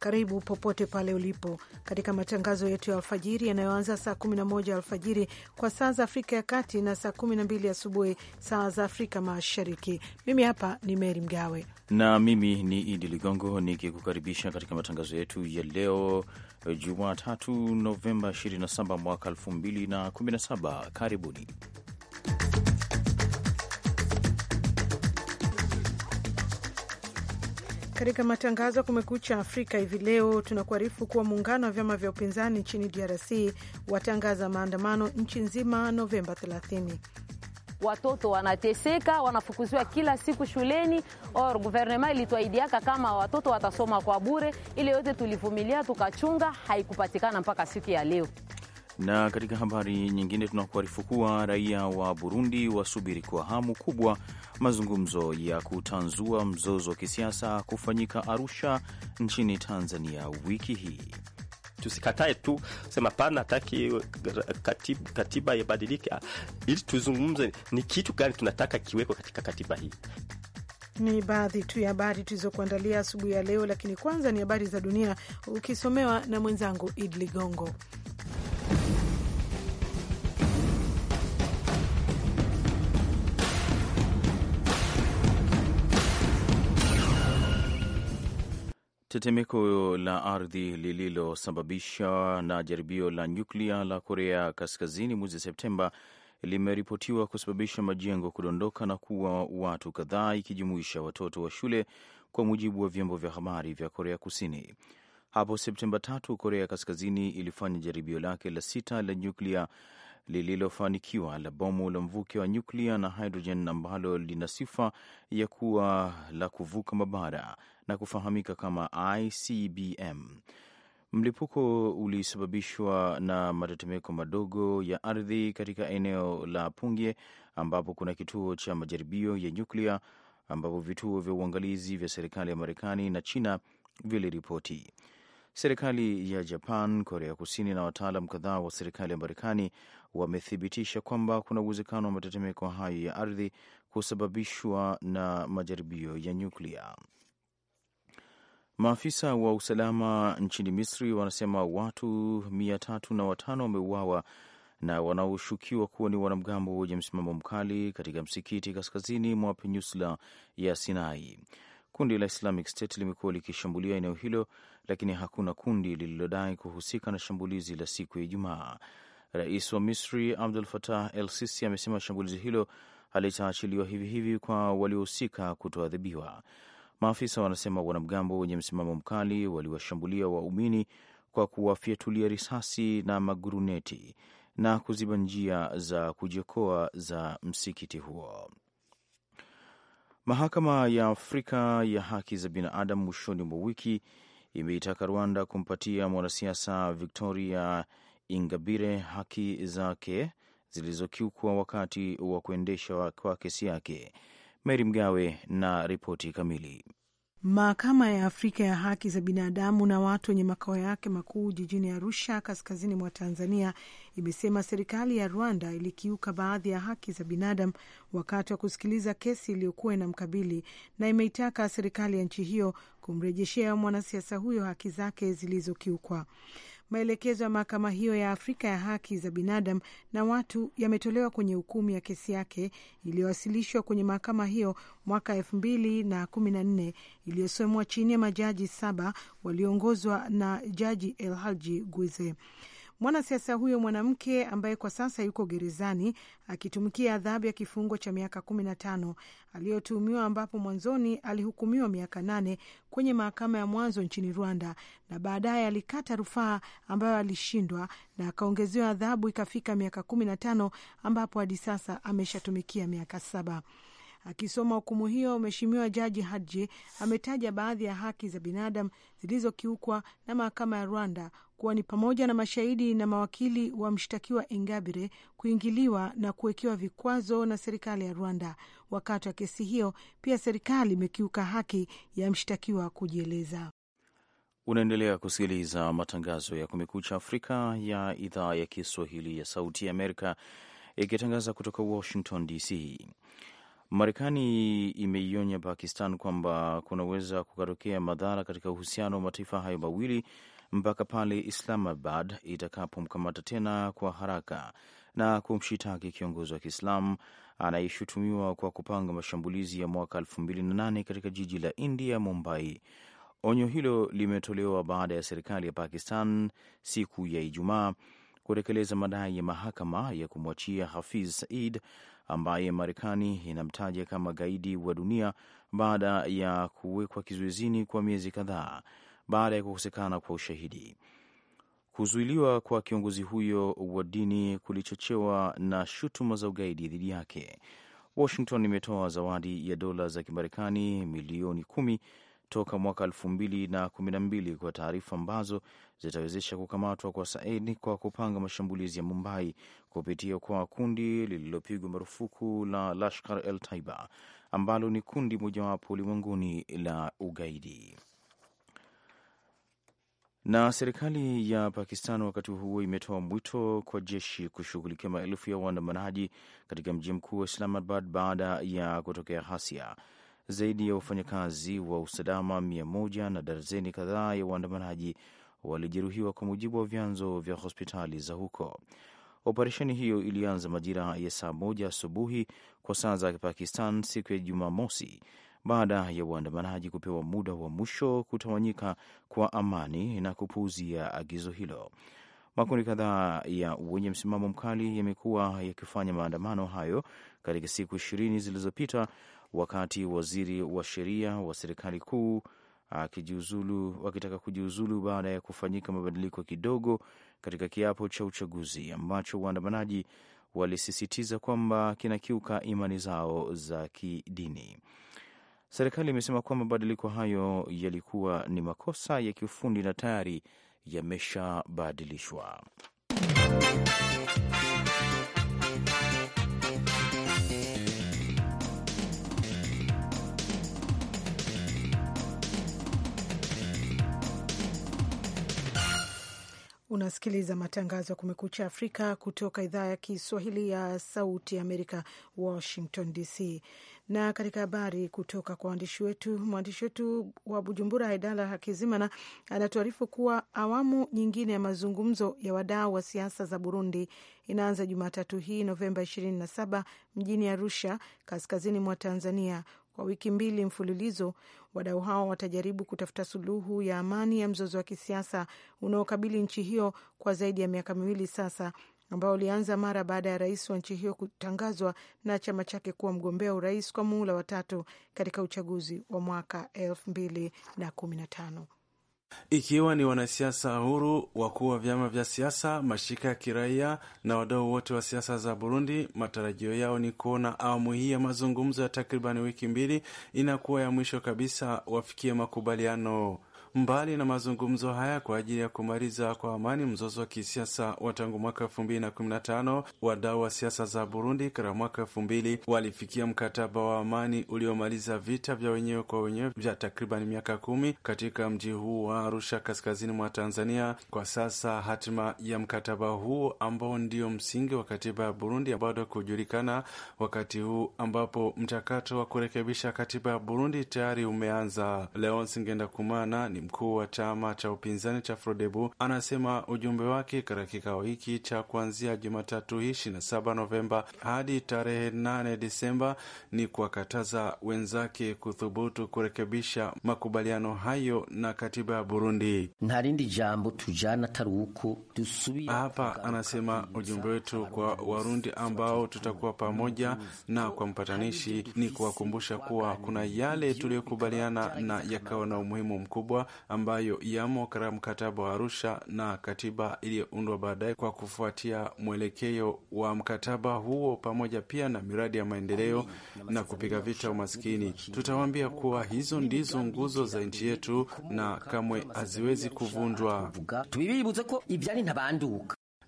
Karibu popote pale ulipo katika matangazo yetu ya alfajiri yanayoanza saa 11 alfajiri kwa saa za Afrika ya Kati na saa 12 asubuhi saa za Afrika Mashariki. Mimi hapa ni Meri Mgawe na mimi ni Idi Ligongo nikikukaribisha katika matangazo yetu ya leo Jumatatu, Novemba 27 mwaka 2017. Karibuni. Katika matangazo ya Kumekucha Afrika hivi leo, tunakuarifu kuwa muungano wa vyama vya upinzani nchini DRC watangaza maandamano nchi nzima Novemba 30. Watoto wanateseka, wanafukuziwa kila siku shuleni. Or guvernema ilituaidiaka kama watoto watasoma kwa bure. ili yote tulivumilia, tukachunga, haikupatikana mpaka siku ya leo. Na katika habari nyingine, tunakuarifu kuwa raia wa Burundi wasubiri kwa hamu kubwa mazungumzo ya kutanzua mzozo wa kisiasa kufanyika Arusha nchini Tanzania wiki hii. Tusikatae tu sema pana hataki katiba, katiba ibadilike, ili tuzungumze ni kitu gani tunataka kiweko katika katiba hii. Ni baadhi tu ya habari tulizokuandalia asubuhi ya leo, lakini kwanza ni habari za dunia ukisomewa na mwenzangu Id Ligongo. Tetemeko la ardhi lililosababishwa na jaribio la nyuklia la Korea Kaskazini mwezi Septemba limeripotiwa kusababisha majengo kudondoka na kuwa watu kadhaa ikijumuisha watoto wa shule, kwa mujibu wa vyombo vya habari vya Korea Kusini. Hapo Septemba tatu, Korea Kaskazini ilifanya jaribio lake la sita la nyuklia lililofanikiwa la bomu la mvuke wa nyuklia na hidrojen ambalo lina sifa ya kuwa la kuvuka mabara na kufahamika kama ICBM. Mlipuko ulisababishwa na matetemeko madogo ya ardhi katika eneo la Pungye ambapo kuna kituo cha majaribio ya nyuklia ambapo vituo vya uangalizi vya serikali ya Marekani na China viliripoti. Serikali ya Japan, Korea Kusini na wataalam kadhaa wa serikali ya Marekani wamethibitisha kwamba kuna uwezekano wa matetemeko hayo ya ardhi kusababishwa na majaribio ya nyuklia. Maafisa wa usalama nchini Misri wanasema watu mia tatu na watano wameuawa na wanaoshukiwa kuwa ni wanamgambo wenye msimamo mkali katika msikiti kaskazini mwa peninsula ya Sinai. Kundi la Islamic State limekuwa likishambulia eneo hilo, lakini hakuna kundi lililodai kuhusika na shambulizi la siku ya Ijumaa. Rais wa Misri Abdul Fatah El Sisi amesema shambulizi hilo halitaachiliwa hivi hivi kwa waliohusika kutoadhibiwa. Maafisa wanasema wanamgambo wenye msimamo mkali waliwashambulia waumini kwa kuwafyatulia risasi na maguruneti na kuziba njia za kujiokoa za msikiti huo. Mahakama ya Afrika ya Haki za Binadamu mwishoni mwa wiki imeitaka Rwanda kumpatia mwanasiasa Victoria Ingabire haki zake zilizokiukwa wakati wa kuendesha kwa kesi yake. Meri Mgawe na ripoti kamili. Mahakama ya Afrika ya Haki za Binadamu na watu wenye makao yake makuu jijini Arusha, kaskazini mwa Tanzania, imesema serikali ya Rwanda ilikiuka baadhi ya haki za binadamu wakati wa kusikiliza kesi iliyokuwa inamkabili na imeitaka serikali ya nchi hiyo kumrejeshea mwanasiasa huyo haki zake zilizokiukwa. Maelekezo ya mahakama hiyo ya Afrika ya haki za binadamu na watu yametolewa kwenye hukumu ya kesi yake iliyowasilishwa kwenye mahakama hiyo mwaka elfu mbili na kumi na nne iliyosomwa chini ya majaji saba walioongozwa na Jaji Elhaji Guize. Mwanasiasa huyo mwanamke ambaye kwa sasa yuko gerezani akitumikia adhabu ya kifungo cha miaka kumi na tano aliyotuhumiwa, ambapo mwanzoni alihukumiwa miaka nane kwenye mahakama ya mwanzo nchini Rwanda na baadaye alikata rufaa ambayo alishindwa na akaongezewa adhabu ikafika miaka kumi na tano ambapo hadi sasa ameshatumikia miaka saba. Akisoma hukumu hiyo, Mheshimiwa Jaji Hadje ametaja baadhi ya haki za binadamu zilizokiukwa na mahakama ya Rwanda kuwa ni pamoja na mashahidi na mawakili wa mshtakiwa Ingabire kuingiliwa na kuwekewa vikwazo na serikali ya Rwanda wakati wa kesi hiyo. Pia serikali imekiuka haki ya mshtakiwa kujieleza. Unaendelea kusikiliza matangazo ya Kumekucha Afrika ya idhaa ya Kiswahili ya Sauti ya Amerika ikitangaza kutoka Washington DC. Marekani imeionya Pakistan kwamba kunaweza kukatokea madhara katika uhusiano wa mataifa hayo mawili mpaka pale Islamabad itakapomkamata tena kwa haraka na kumshitaki kiongozi wa Kiislamu anayeshutumiwa kwa kupanga mashambulizi ya mwaka 2008 katika jiji la India, Mumbai. Onyo hilo limetolewa baada ya serikali ya Pakistan siku ya Ijumaa kutekeleza madai ya mahakama ya kumwachia Hafiz Said ambaye Marekani inamtaja kama gaidi wa dunia baada ya kuwekwa kizuizini kwa miezi kadhaa baada ya kukosekana kwa ushahidi. Kuzuiliwa kwa kiongozi huyo wa dini kulichochewa na shutuma za ugaidi dhidi yake. Washington imetoa zawadi ya dola za Kimarekani milioni kumi toka mwaka na na kumi mbili kwa taarifa ambazo zitawezesha kukamatwa kwa Said kwa kupanga mashambulizi ya Mumbai kupitia kwa kundi lililopigwa marufuku la Lashkar el Taiba ambalo ni kundi mojawapo ulimwenguni la ugaidi. Na serikali ya Pakistan wakati huo imetoa mwito kwa jeshi kushughulikia maelfu ya waandamanaji katika mji mkuu wa Islamabad baada ya kutokea ghasia zaidi ya wafanyakazi wa usalama mia moja na darzeni kadhaa ya waandamanaji walijeruhiwa, kwa mujibu wa vyanzo vya hospitali za huko. Operesheni hiyo ilianza majira ya saa moja asubuhi kwa saa za Pakistan siku ya Jumamosi baada ya waandamanaji kupewa muda wa mwisho kutawanyika kwa amani na kupuuzia agizo hilo. Makundi kadhaa ya wenye msimamo mkali yamekuwa yakifanya maandamano hayo katika siku ishirini zilizopita, wakati waziri wa sheria wa serikali kuu akijiuzulu akitaka kujiuzulu baada ya kufanyika mabadiliko kidogo katika kiapo cha uchaguzi ambacho waandamanaji walisisitiza kwamba kinakiuka imani zao za kidini. Serikali imesema kwamba mabadiliko hayo yalikuwa ni makosa ya kiufundi na tayari yameshabadilishwa. Unasikiliza matangazo ya Kumekucha Afrika kutoka idhaa ya Kiswahili ya Sauti Amerika, Washington DC. Na katika habari kutoka kwa waandishi wetu, mwandishi wetu wa Bujumbura, Haidala Hakizimana, anatuarifu kuwa awamu nyingine ya mazungumzo ya wadau wa siasa za Burundi inaanza Jumatatu hii Novemba 27 mjini Arusha, kaskazini mwa Tanzania, kwa wiki mbili mfululizo, wadau hao watajaribu kutafuta suluhu ya amani ya mzozo wa kisiasa unaokabili nchi hiyo kwa zaidi ya miaka miwili sasa, ambao ulianza mara baada ya rais wa nchi hiyo kutangazwa na chama chake kuwa mgombea urais kwa muhula watatu katika uchaguzi wa mwaka elfu mbili na kumi na tano ikiwa ni wanasiasa huru, wakuu wa vyama vya siasa, mashirika ya kiraia na wadau wote wa siasa za Burundi. Matarajio yao ni kuona awamu hii ya mazungumzo ya takribani wiki mbili inakuwa ya mwisho kabisa, wafikie makubaliano. Mbali na mazungumzo haya kwa ajili ya kumaliza kwa amani mzozo wa kisiasa wa tangu mwaka elfu mbili na kumi na tano, wadau wa siasa za Burundi katika mwaka elfu mbili walifikia mkataba wa amani uliomaliza vita vya wenyewe kwa wenyewe vya takriban miaka kumi katika mji huu wa Arusha, kaskazini mwa Tanzania. Kwa sasa hatima ya mkataba huu ambao ndio msingi wa katiba ya Burundi bado kujulikana, wakati huu ambapo mchakato wa kurekebisha katiba ya Burundi tayari umeanza. Leon Singenda Kumana ni katibu mkuu wa chama cha upinzani cha Frodebu anasema ujumbe wake katika kikao hiki cha kuanzia Jumatatu hii 27 Novemba hadi tarehe 8 Disemba ni kuwakataza wenzake kuthubutu kurekebisha makubaliano hayo na katiba ya Burundi. jambo tujana hapa, anasema ujumbe wetu kwa Warundi ambao tutakuwa pamoja na kwa mpatanishi ni kuwakumbusha kuwa kuna yale tuliyokubaliana na yakawa na umuhimu mkubwa ambayo yamo katika mkataba wa Arusha na katiba iliyoundwa baadaye kwa kufuatia mwelekeo wa mkataba huo, pamoja pia na miradi ya maendeleo na kupiga vita umaskini. Tutawaambia kuwa hizo ndizo nguzo za nchi yetu na kamwe haziwezi kuvunjwa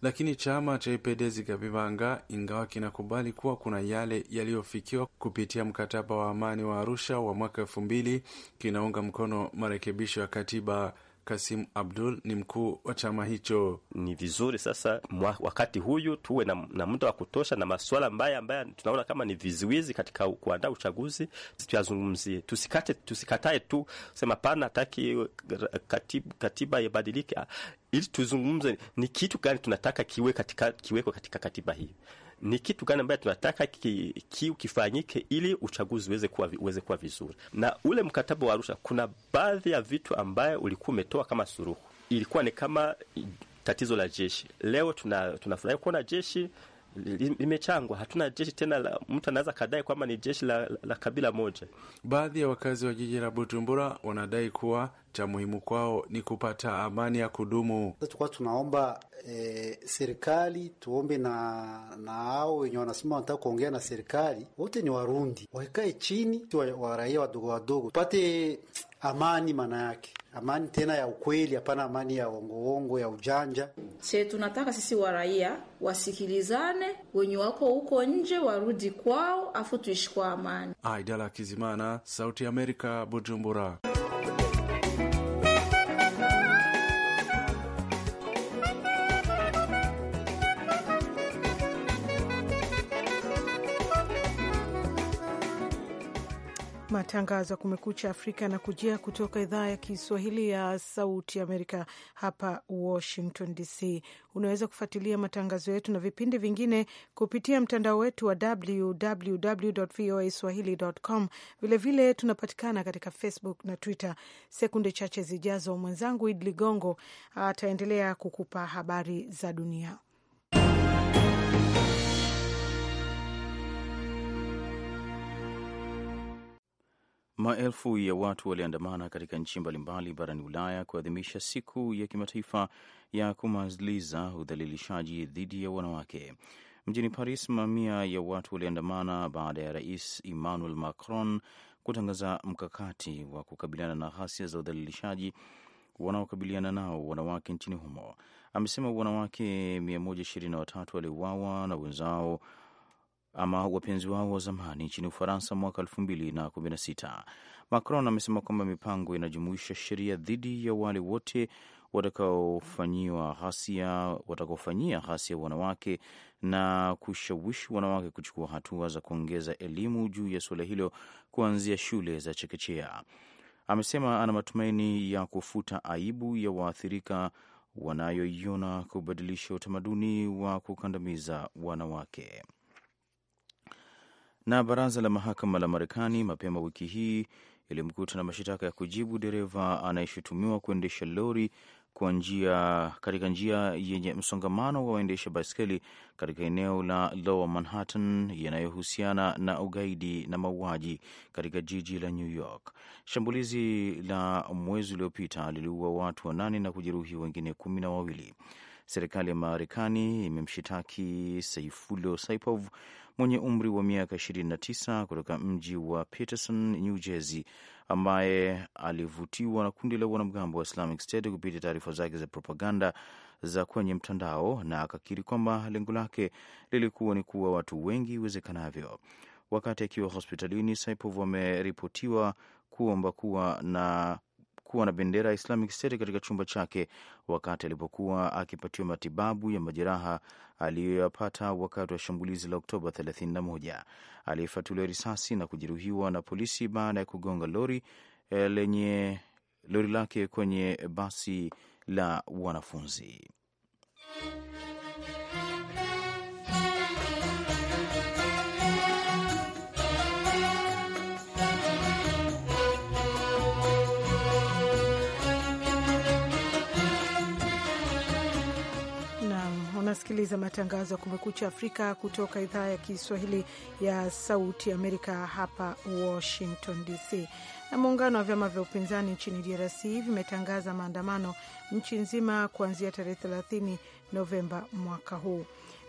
lakini chama cha ipedezi Kapivanga ingawa kinakubali kuwa kuna yale yaliyofikiwa kupitia mkataba wa amani wa Arusha wa mwaka elfu mbili kinaunga mkono marekebisho ya katiba. Kasim Abdul ni mkuu wa chama hicho. Ni vizuri sasa mwa, wakati huyu tuwe na, na muda wa kutosha na masuala mbaya ambayo tunaona kama ni vizuizi katika kuandaa uchaguzi tuyazungumzie, tusikate tusikatae tu sema pana hataki eh, katiba, katiba ibadilike ili tuzungumze ni kitu gani tunataka kiwe katika, kiweko katika katiba hii ni kitu gani ambayo tunataka ki, ki, kifanyike ili uchaguzi uweze kuwa, uweze kuwa vizuri. Na ule mkataba wa Arusha kuna baadhi ya vitu ambayo ulikuwa umetoa kama suruhu, ilikuwa ni kama tatizo la jeshi. Leo tunafurahia tuna kuona jeshi limechangwa. Hatuna jeshi tena la mtu anaweza kadai kwamba ni jeshi la, la, la kabila moja. Baadhi ya wakazi wa jiji la Bujumbura wanadai kuwa cha muhimu kwao ni kupata amani ya kudumu. Tukuwa tunaomba e, serikali tuombe na na hao wenye wanasema wanataka kuongea na serikali, wote ni Warundi, waikae chini wa, wa raia wadogo wadogo, tupate amani maana yake amani tena ya ukweli, hapana amani ya uongoongo ya ujanja. Se tunataka sisi wa raia wasikilizane, wenye wako huko nje warudi kwao, afu tuishi kwa amani. Aidala Kizimana, Sauti ya Amerika, Bujumbura. Matangazo ya Kumekucha Afrika na kujia kutoka idhaa ya Kiswahili ya Sauti Amerika hapa Washington DC. Unaweza kufuatilia matangazo yetu na vipindi vingine kupitia mtandao wetu wa www voa swahili.com. Vilevile tunapatikana katika Facebook na Twitter. Sekunde chache zijazo, mwenzangu id Ligongo ataendelea kukupa habari za dunia. Maelfu ya watu waliandamana katika nchi mbalimbali barani Ulaya kuadhimisha siku ya kimataifa ya kumaliza udhalilishaji dhidi ya wanawake. Mjini Paris, mamia ya watu waliandamana baada ya Rais Emmanuel Macron kutangaza mkakati wa kukabiliana na ghasia za udhalilishaji wanaokabiliana nao wanawake nchini humo. Amesema wanawake 123 waliuawa na wenzao ama wapenzi wao wa zamani nchini Ufaransa mwaka sita. Macron amesema kwamba mipango inajumuisha sheria dhidi ya wale wote watakaofanyiwa ghasia watakaofanyia ghasia wanawake na kushawishi wanawake kuchukua hatua za kuongeza elimu juu ya suala hilo kuanzia shule za chekechea. Amesema ana matumaini ya kufuta aibu ya waathirika wanayoiona kubadilisha utamaduni wa kukandamiza wanawake. Na baraza la mahakama la Marekani mapema wiki hii ilimkuta na mashitaka ya kujibu dereva anayeshutumiwa kuendesha lori kwa njia katika njia yenye msongamano wa waendesha baiskeli katika eneo la Lower Manhattan yanayohusiana na ugaidi na mauaji katika jiji la New York. Shambulizi la mwezi uliopita liliua watu wanane na kujeruhi wengine kumi na wawili. Serikali ya Marekani imemshitaki Saifulo Saipov mwenye umri wa miaka 29 kutoka mji wa Peterson, New Jersey, ambaye alivutiwa na kundi la wanamgambo wa Islamic State kupitia taarifa zake za propaganda za kwenye mtandao, na akakiri kwamba lengo lake lilikuwa ni kuwa watu wengi iwezekanavyo. Wakati akiwa hospitalini, Saipov ameripotiwa kuomba kuwa na kuwa na bendera ya Islamic State katika chumba chake wakati alipokuwa akipatiwa matibabu ya majeraha aliyoyapata wakati wa shambulizi la Oktoba 31. Aliyefatuliwa risasi na kujeruhiwa na polisi baada ya kugonga lori eh, lenye lori lake kwenye basi la wanafunzi. unasikiliza matangazo ya Kumekucha Afrika kutoka idhaa ya Kiswahili ya Sauti Amerika hapa Washington DC. Na muungano wa vyama vya upinzani nchini DRC vimetangaza maandamano nchi nzima kuanzia tarehe 30 Novemba mwaka huu.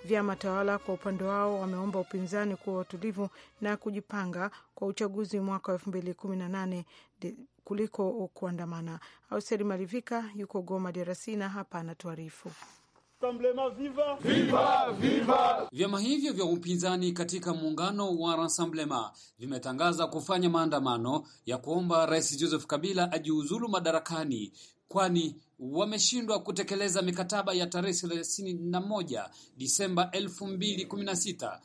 Vyama tawala kwa upande wao wameomba upinzani kuwa watulivu na kujipanga kwa uchaguzi mwaka wa elfu kuliko kuandamana. Auseri Marivika yuko Goma, DRC na hapa anatuarifu. Viva, viva, viva. Vyama hivyo vya upinzani katika muungano wa Rassemblement vimetangaza kufanya maandamano ya kuomba Rais Joseph Kabila ajiuzulu madarakani kwani wameshindwa kutekeleza mikataba ya tarehe thelathini na moja Disemba elfu mbili kumi na sita.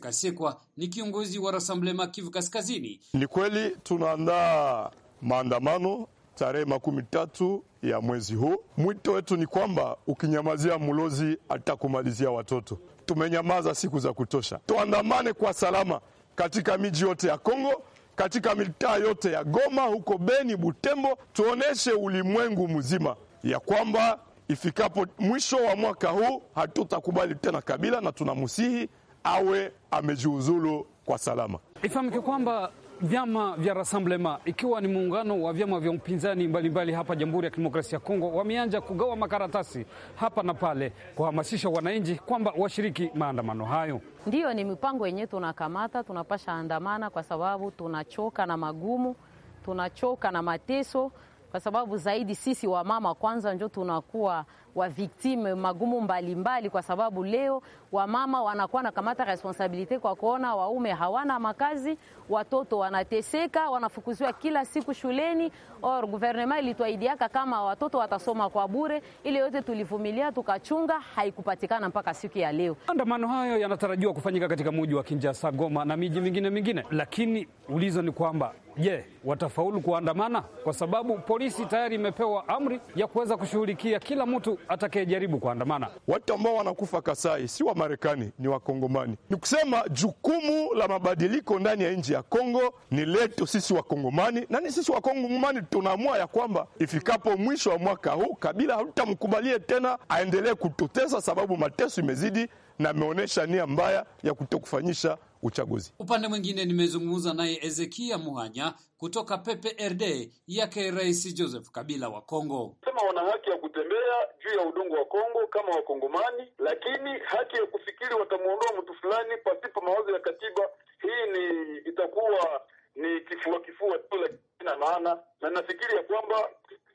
Kasekwa ni kiongozi wa Rassemblement Kivu Kaskazini. Ni kweli tunaandaa maandamano tarehe makumi tatu ya mwezi huu. Mwito wetu ni kwamba ukinyamazia mlozi atakumalizia watoto. Tumenyamaza siku za kutosha, tuandamane kwa salama katika miji yote ya Kongo, katika mitaa yote ya Goma, huko Beni, Butembo, tuoneshe ulimwengu mzima ya kwamba ifikapo mwisho wa mwaka huu hatutakubali tena Kabila, na tunamusihi awe amejiuzulu kwa salama. Ifahamike kwamba vyama vya Rassemblement ikiwa ni muungano wa vyama vya upinzani mbalimbali mbali hapa Jamhuri ya Kidemokrasia ya Kongo wameanza kugawa makaratasi hapa na pale kuhamasisha wananchi kwamba washiriki maandamano hayo. Ndiyo, ni mipango yenyewe tunakamata, tunapasha andamana kwa sababu tunachoka na magumu, tunachoka na mateso, kwa sababu zaidi sisi wamama kwanza ndio tunakuwa wa victime magumu mbalimbali mbali, kwa sababu leo wamama wanakuwa nakamata responsabilite kwa kuona waume hawana makazi, watoto wanateseka, wanafukuziwa kila siku shuleni. Or guvernema ilitwaidiaka kama watoto watasoma kwa bure. Ile yote tulivumilia tukachunga, haikupatikana mpaka siku ya leo. Maandamano hayo yanatarajiwa kufanyika katika muji wa kinjasa Goma na miji mingine mingine, lakini ulizo ni kwamba je, yeah, watafaulu kuandamana? Kwa sababu polisi tayari imepewa amri ya kuweza kushughulikia kila mtu atakayejaribu kuandamana. Watu ambao wanakufa Kasai si wa Marekani, ni Wakongomani. Ni kusema jukumu la mabadiliko ndani ya nchi ya Kongo ni letu sisi Wakongomani, na ni sisi Wakongomani tunaamua ya kwamba ifikapo mwisho wa mwaka huu Kabila hatutamkubalie tena aendelee kututesa, sababu mateso imezidi na ameonyesha nia mbaya ya kutokufanyisha uchaguzi. Upande mwingine, nimezungumza naye Ezekia Muhanya kutoka PPRD yake Rais Joseph Kabila wa Kongo sema wana haki ya kutembea juu ya udongo wa Kongo kama Wakongomani, lakini haki ya kufikiri watamwondoa mtu fulani pasipo mawazo ya katiba. Hii ni itakuwa ni kifua kifua tu, lakini ina maana na nafikiri ya kwamba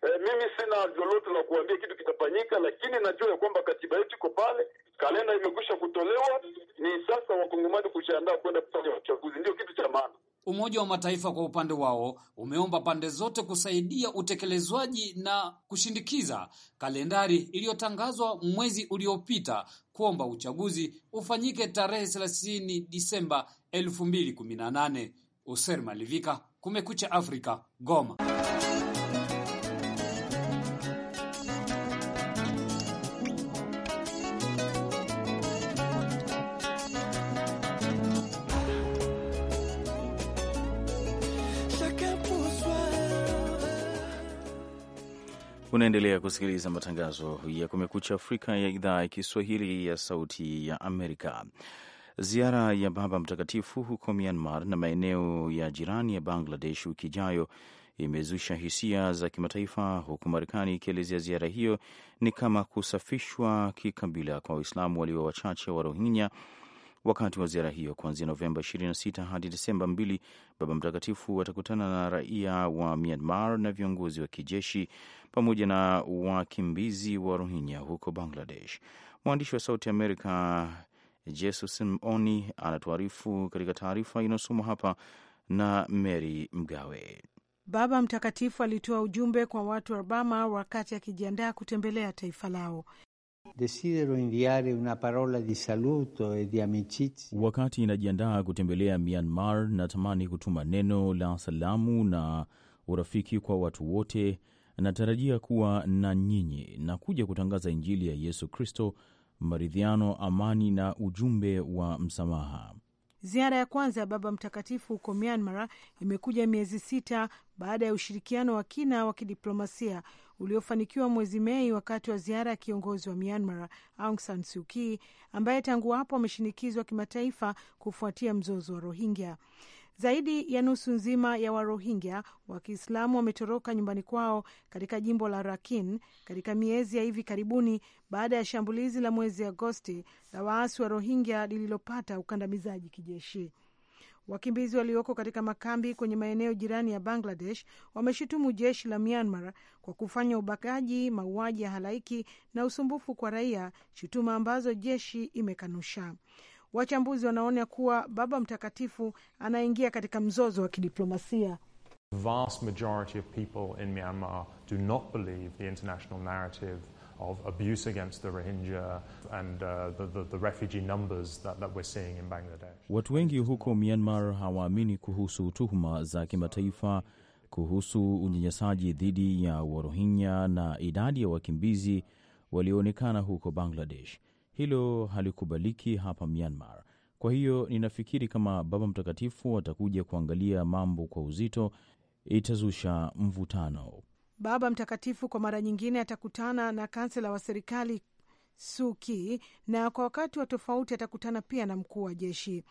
E, mimi sina lolote la kuambia kitu kitafanyika, lakini najua ya kwamba katiba yetu iko pale, kalenda imekwisha kutolewa. Ni sasa wakongomani kujiandaa kwenda kufanya uchaguzi, ndio kitu cha maana. Umoja wa Mataifa kwa upande wao umeomba pande zote kusaidia utekelezwaji na kushindikiza kalendari iliyotangazwa mwezi uliopita kuomba uchaguzi ufanyike tarehe 30 Disemba 2018. Oser Malivika, Kumekucha Afrika, Goma. Unaendelea kusikiliza matangazo ya Kumekucha Afrika ya idhaa ya Kiswahili ya Sauti ya Amerika. Ziara ya Baba Mtakatifu huko Myanmar na maeneo ya jirani ya Bangladesh wiki ijayo imezusha hisia za kimataifa, huku Marekani ikielezea ziara hiyo ni kama kusafishwa kikabila kwa Waislamu walio wachache wa Rohingya Wakati wa ziara hiyo kuanzia Novemba 26 hadi Desemba 2, Baba Mtakatifu watakutana na raia wa Myanmar na viongozi wa kijeshi pamoja na wakimbizi wa Rohingya huko Bangladesh. Mwandishi wa Sauti Amerika Jesus Moni anatuarifu katika taarifa inayosomwa hapa na Mary Mgawe. Baba Mtakatifu alitoa ujumbe kwa watu wa Burma wakati akijiandaa kutembelea taifa lao. E Wakati inajiandaa kutembelea Myanmar, natamani kutuma neno la salamu na urafiki kwa watu wote. Natarajia kuwa na nyinyi na kuja kutangaza Injili ya Yesu Kristo, maridhiano, amani na ujumbe wa msamaha. Ziara ya kwanza ya Baba Mtakatifu huko Myanmar imekuja miezi sita baada ya ushirikiano wa kina wa kidiplomasia uliofanikiwa mwezi Mei wakati wa ziara ya kiongozi wa Myanmar Aung San Suu Kyi ambaye tangu hapo ameshinikizwa kimataifa kufuatia mzozo wa Rohingya. Zaidi ya nusu nzima ya Warohingya wa Kiislamu wametoroka nyumbani kwao katika jimbo la Rakhine katika miezi ya hivi karibuni baada ya shambulizi la mwezi Agosti la waasi wa Rohingya lililopata ukandamizaji kijeshi. Wakimbizi walioko katika makambi kwenye maeneo jirani ya Bangladesh wameshutumu jeshi la Myanmar kwa kufanya ubakaji, mauaji ya halaiki na usumbufu kwa raia, shutuma ambazo jeshi imekanusha. Wachambuzi wanaona kuwa Baba Mtakatifu anaingia katika mzozo wa kidiplomasia. Vast majority of people in Myanmar do not believe the international narrative of abuse against the Rohingya and uh, the, the, the refugee numbers that, that we're seeing in Bangladesh. Watu wengi huko Myanmar hawaamini kuhusu tuhuma za kimataifa kuhusu unyanyasaji dhidi ya Warohingya na idadi ya wakimbizi walioonekana huko Bangladesh. Hilo halikubaliki hapa Myanmar. Kwa hiyo ninafikiri kama Baba Mtakatifu atakuja kuangalia mambo kwa uzito, itazusha mvutano. Baba Mtakatifu kwa mara nyingine atakutana na kansela wa serikali Suki, na kwa wakati wa tofauti atakutana pia na mkuu wa jeshi.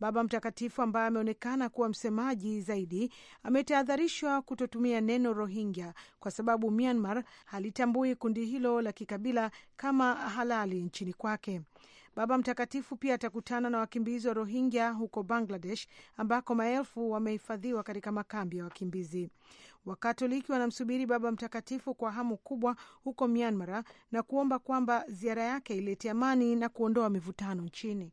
Baba Mtakatifu ambaye ameonekana kuwa msemaji zaidi ametahadharishwa kutotumia neno Rohingya kwa sababu Myanmar halitambui kundi hilo la kikabila kama halali nchini kwake. Baba Mtakatifu pia atakutana na wakimbizi wa Rohingya huko Bangladesh, ambako maelfu wamehifadhiwa katika makambi ya wakimbizi. Wakatoliki wanamsubiri Baba Mtakatifu kwa hamu kubwa huko Myanmar na kuomba kwamba ziara yake ilete amani na kuondoa mivutano nchini.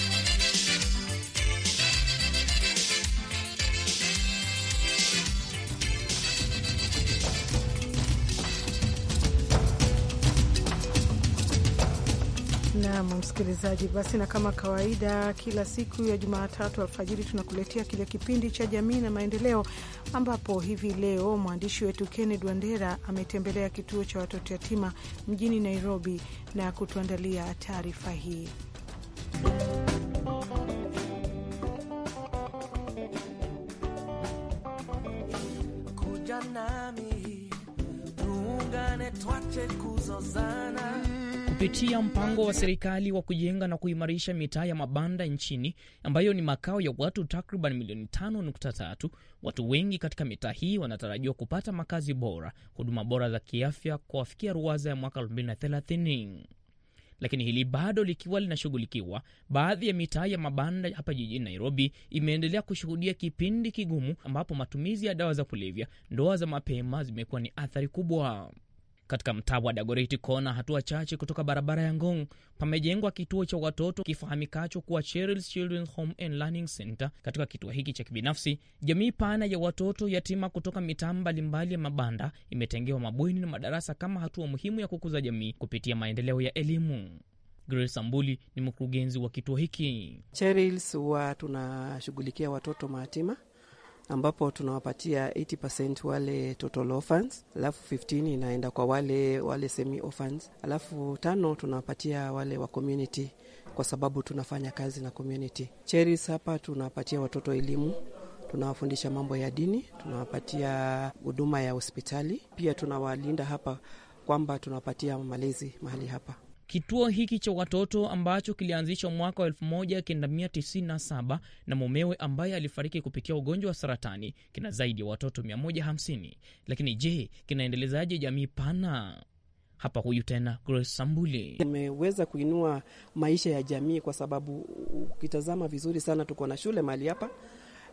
Nam msikilizaji, basi na kama kawaida, kila siku ya Jumatatu alfajiri tunakuletea kile kipindi cha jamii na maendeleo, ambapo hivi leo mwandishi wetu Kenneth Wandera ametembelea kituo cha watoto yatima mjini Nairobi na kutuandalia taarifa hii. Kuja nami tuungane, twache kuzozana kupitia mpango wa serikali wa kujenga na kuimarisha mitaa ya mabanda nchini ambayo ni makao ya watu takriban milioni 5.3. Watu wengi katika mitaa hii wanatarajiwa kupata makazi bora, huduma bora za kiafya kuwafikia ruwaza ya mwaka 2030. Lakini hili bado likiwa linashughulikiwa, baadhi ya mitaa ya mabanda hapa jijini Nairobi imeendelea kushuhudia kipindi kigumu ambapo matumizi ya dawa za kulevya, ndoa za mapema zimekuwa ni athari kubwa. Katika mtaa wa Dagoreti Kona, hatua chache kutoka barabara ya Ngong, pamejengwa kituo cha watoto kifahamikacho kuwa Cheryl's Home and Learning Center. Katika kituo hiki cha kibinafsi, jamii pana ya watoto yatima kutoka mitaa mbalimbali ya mabanda imetengewa mabweni na madarasa kama hatua muhimu ya kukuza jamii kupitia maendeleo ya elimu. Grace ni mkurugenzi wa kituo hiki. Cheryl's huwa tunashughulikia watoto mayatima ambapo tunawapatia 80% wale total orphans, alafu 15 inaenda kwa wale wale semi orphans, alafu tano tunawapatia wale wa community, kwa sababu tunafanya kazi na community Cheris. Hapa tunawapatia watoto elimu tunawafundisha mambo ya dini, tunawapatia huduma ya hospitali, pia tunawalinda hapa kwamba tunawapatia malezi mahali hapa. Kituo hiki cha watoto ambacho kilianzishwa mwaka wa 1997 na mumewe ambaye alifariki kupitia ugonjwa wa saratani kina zaidi ya watoto 150. Lakini je, kinaendelezaje jamii pana? Hapa huyu tena Grace Sambuli. Imeweza kuinua maisha ya jamii kwa sababu ukitazama vizuri sana, tuko na shule mahali hapa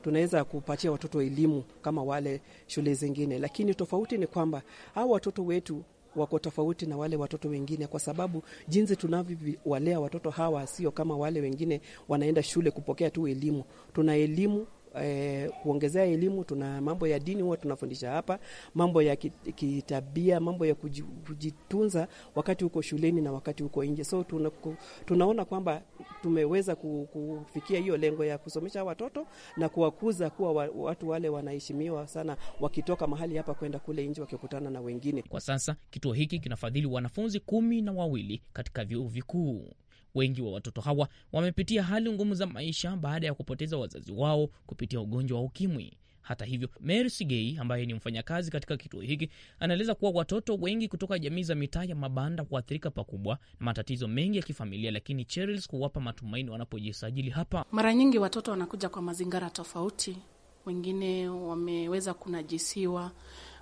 tunaweza kupatia watoto elimu kama wale shule zingine, lakini tofauti ni kwamba hawa watoto wetu wako tofauti na wale watoto wengine, kwa sababu jinsi tunavyowalea watoto hawa sio kama wale wengine wanaenda shule kupokea tu elimu. Tuna elimu Eh, kuongezea elimu. Tuna mambo ya dini huwa tunafundisha hapa, mambo ya kitabia, mambo ya kujitunza wakati huko shuleni na wakati huko nje. So tuna, tunaona kwamba tumeweza kufikia hiyo lengo ya kusomesha watoto na kuwakuza kuwa watu wale wanaheshimiwa sana, wakitoka mahali hapa kwenda kule nje, wakikutana na wengine. Kwa sasa kituo hiki kinafadhili wanafunzi kumi na wawili katika vyuo vikuu. Wengi wa watoto hawa wamepitia hali ngumu za maisha baada ya kupoteza wazazi wao kupitia ugonjwa wa ukimwi. Hata hivyo, Mary Sigei ambaye ni mfanyakazi katika kituo hiki anaeleza kuwa watoto wengi kutoka jamii za mitaa ya mabanda huathirika pakubwa na matatizo mengi ya kifamilia, lakini Cherils kuwapa matumaini wanapojisajili hapa. Mara nyingi watoto wanakuja kwa mazingira tofauti, wengine wameweza kunajisiwa,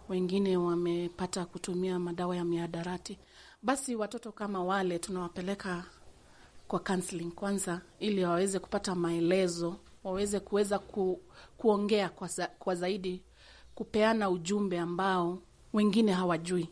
wengine wamepata kutumia madawa ya mihadarati. Basi watoto kama wale tunawapeleka kwa counseling kwanza, ili waweze kupata maelezo, waweze kuweza ku, kuongea kwa, za, kwa zaidi, kupeana ujumbe ambao wengine hawajui,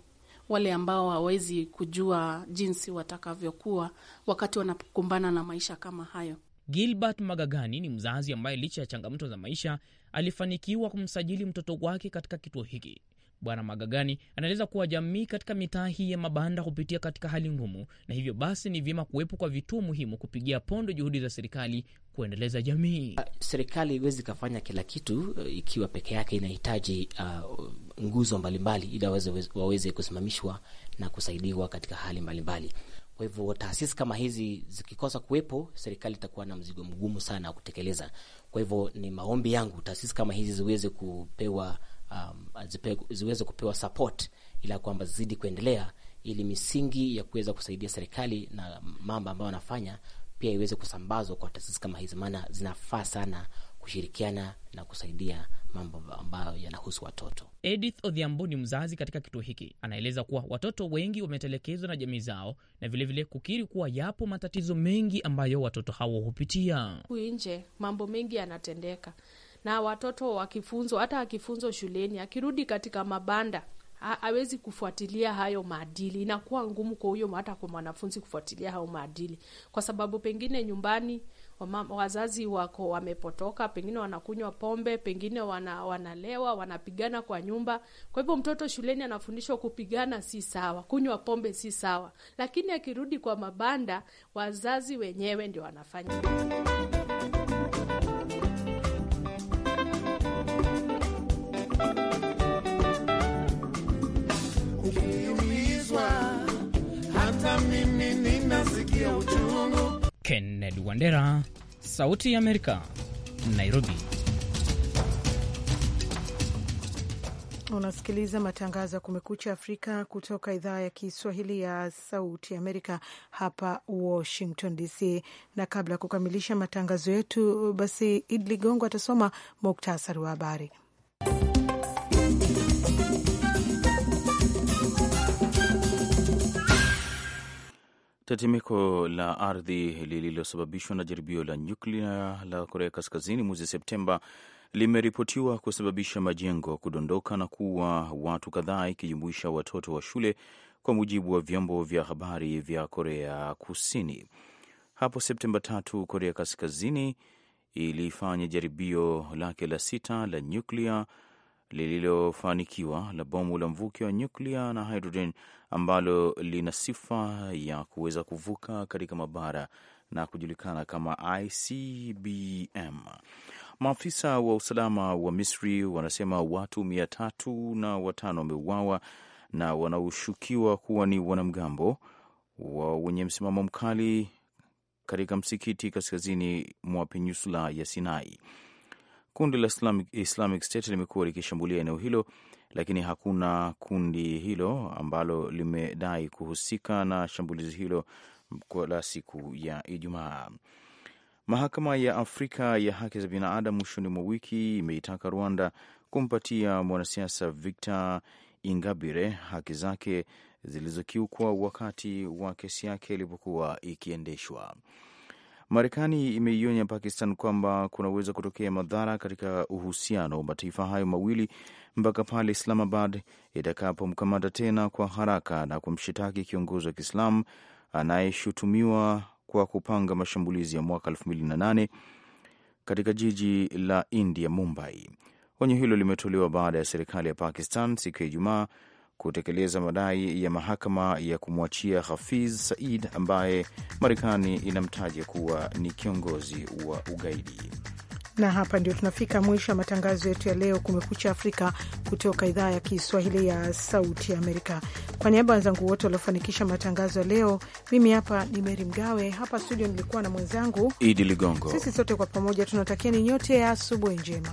wale ambao hawawezi kujua jinsi watakavyokuwa wakati wanakumbana na maisha kama hayo. Gilbert Magagani ni mzazi ambaye licha ya changamoto za maisha alifanikiwa kumsajili mtoto wake katika kituo hiki. Bwana Magagani anaeleza kuwa jamii katika mitaa hii ya mabanda hupitia katika hali ngumu, na hivyo basi ni vyema kuwepo kwa vituo muhimu kupigia pondo juhudi za serikali kuendeleza jamii. Ah, serikali iwezi ikafanya kila kitu eh, ikiwa peke yake, inahitaji uh, nguzo mbalimbali ili waweze kusimamishwa na kusaidiwa katika hali mbalimbali mbali. Kwa hivyo taasisi kama hizi zikikosa kuwepo, serikali itakuwa na mzigo mgumu sana wa kutekeleza. Kwa hivyo ni maombi yangu taasisi kama hizi ziweze kupewa um, zipe, ziweze kupewa support, ila kwamba zizidi kuendelea ili misingi ya kuweza kusaidia serikali na mambo ambayo wanafanya pia iweze kusambazwa kwa taasisi kama hizi, maana zinafaa sana kushirikiana na kusaidia mambo ambayo yanahusu watoto. Edith Odhiambo ni mzazi katika kituo hiki, anaeleza kuwa watoto wengi wametelekezwa na jamii zao na vilevile vile kukiri kuwa yapo matatizo mengi ambayo watoto hao hupitia. Huku nje mambo mengi yanatendeka na watoto wakifunzwa, hata akifunzwa shuleni, akirudi katika mabanda hawezi kufuatilia hayo maadili. Inakuwa ngumu kwa huyo hata kwa mwanafunzi kufuatilia hayo maadili, kwa sababu pengine nyumbani wazazi wako wamepotoka, pengine wanakunywa pombe, pengine wana, wanalewa, wanapigana kwa nyumba. Kwa hivyo mtoto shuleni anafundishwa kupigana si sawa, kunywa pombe si sawa, lakini akirudi kwa mabanda wazazi wenyewe ndio wanafanya Kennedy Wandera, Sauti ya Amerika, Nairobi. Unasikiliza matangazo ya Kumekucha Afrika kutoka idhaa ya Kiswahili ya Sauti Amerika hapa Washington DC, na kabla ya kukamilisha matangazo yetu, basi id Ligongo atasoma muktasari wa habari. Tetemeko la ardhi lililosababishwa na jaribio la nyuklia la Korea Kaskazini mwezi Septemba limeripotiwa kusababisha majengo kudondoka na kuua watu kadhaa ikijumuisha watoto wa shule, kwa mujibu wa vyombo vya habari vya Korea Kusini. Hapo Septemba tatu, Korea Kaskazini ilifanya jaribio lake la sita la nyuklia lililofanikiwa la bomu la mvuke wa nyuklia na hydrogen ambalo lina sifa ya kuweza kuvuka katika mabara na kujulikana kama ICBM. Maafisa wa usalama wa Misri wanasema watu mia tatu na watano wameuawa na wanaoshukiwa kuwa ni wanamgambo wa wenye msimamo mkali katika msikiti kaskazini mwa peninsula ya Sinai. Kundi la Islamic, Islamic State limekuwa likishambulia eneo hilo, lakini hakuna kundi hilo ambalo limedai kuhusika na shambulizi hilo la siku ya Ijumaa. Mahakama ya Afrika ya Haki za Binadamu mwishoni mwa wiki imeitaka Rwanda kumpatia mwanasiasa Victor Ingabire haki zake zilizokiukwa wakati wa kesi yake ilipokuwa ikiendeshwa. Marekani imeionya Pakistan kwamba kunaweza kutokea madhara katika uhusiano wa mataifa hayo mawili mpaka pale Islamabad itakapomkamata tena kwa haraka na kumshitaki kiongozi wa Kiislamu anayeshutumiwa kwa kupanga mashambulizi ya mwaka 2008 katika jiji la India, Mumbai. Onyo hilo limetolewa baada ya serikali ya Pakistan siku ya Ijumaa kutekeleza madai ya mahakama ya kumwachia Hafiz Said ambaye Marekani inamtaja kuwa ni kiongozi wa ugaidi. Na hapa ndio tunafika mwisho wa matangazo yetu ya leo, Kumekucha Afrika, kutoka idhaa ya Kiswahili ya Sauti ya Amerika. Kwa niaba ya wenzangu wote waliofanikisha matangazo ya leo, mimi hapa ni Meri Mgawe, hapa studio nilikuwa na mwenzangu Idi Ligongo. Sisi sote kwa pamoja ni nyote ya asubuhi njema.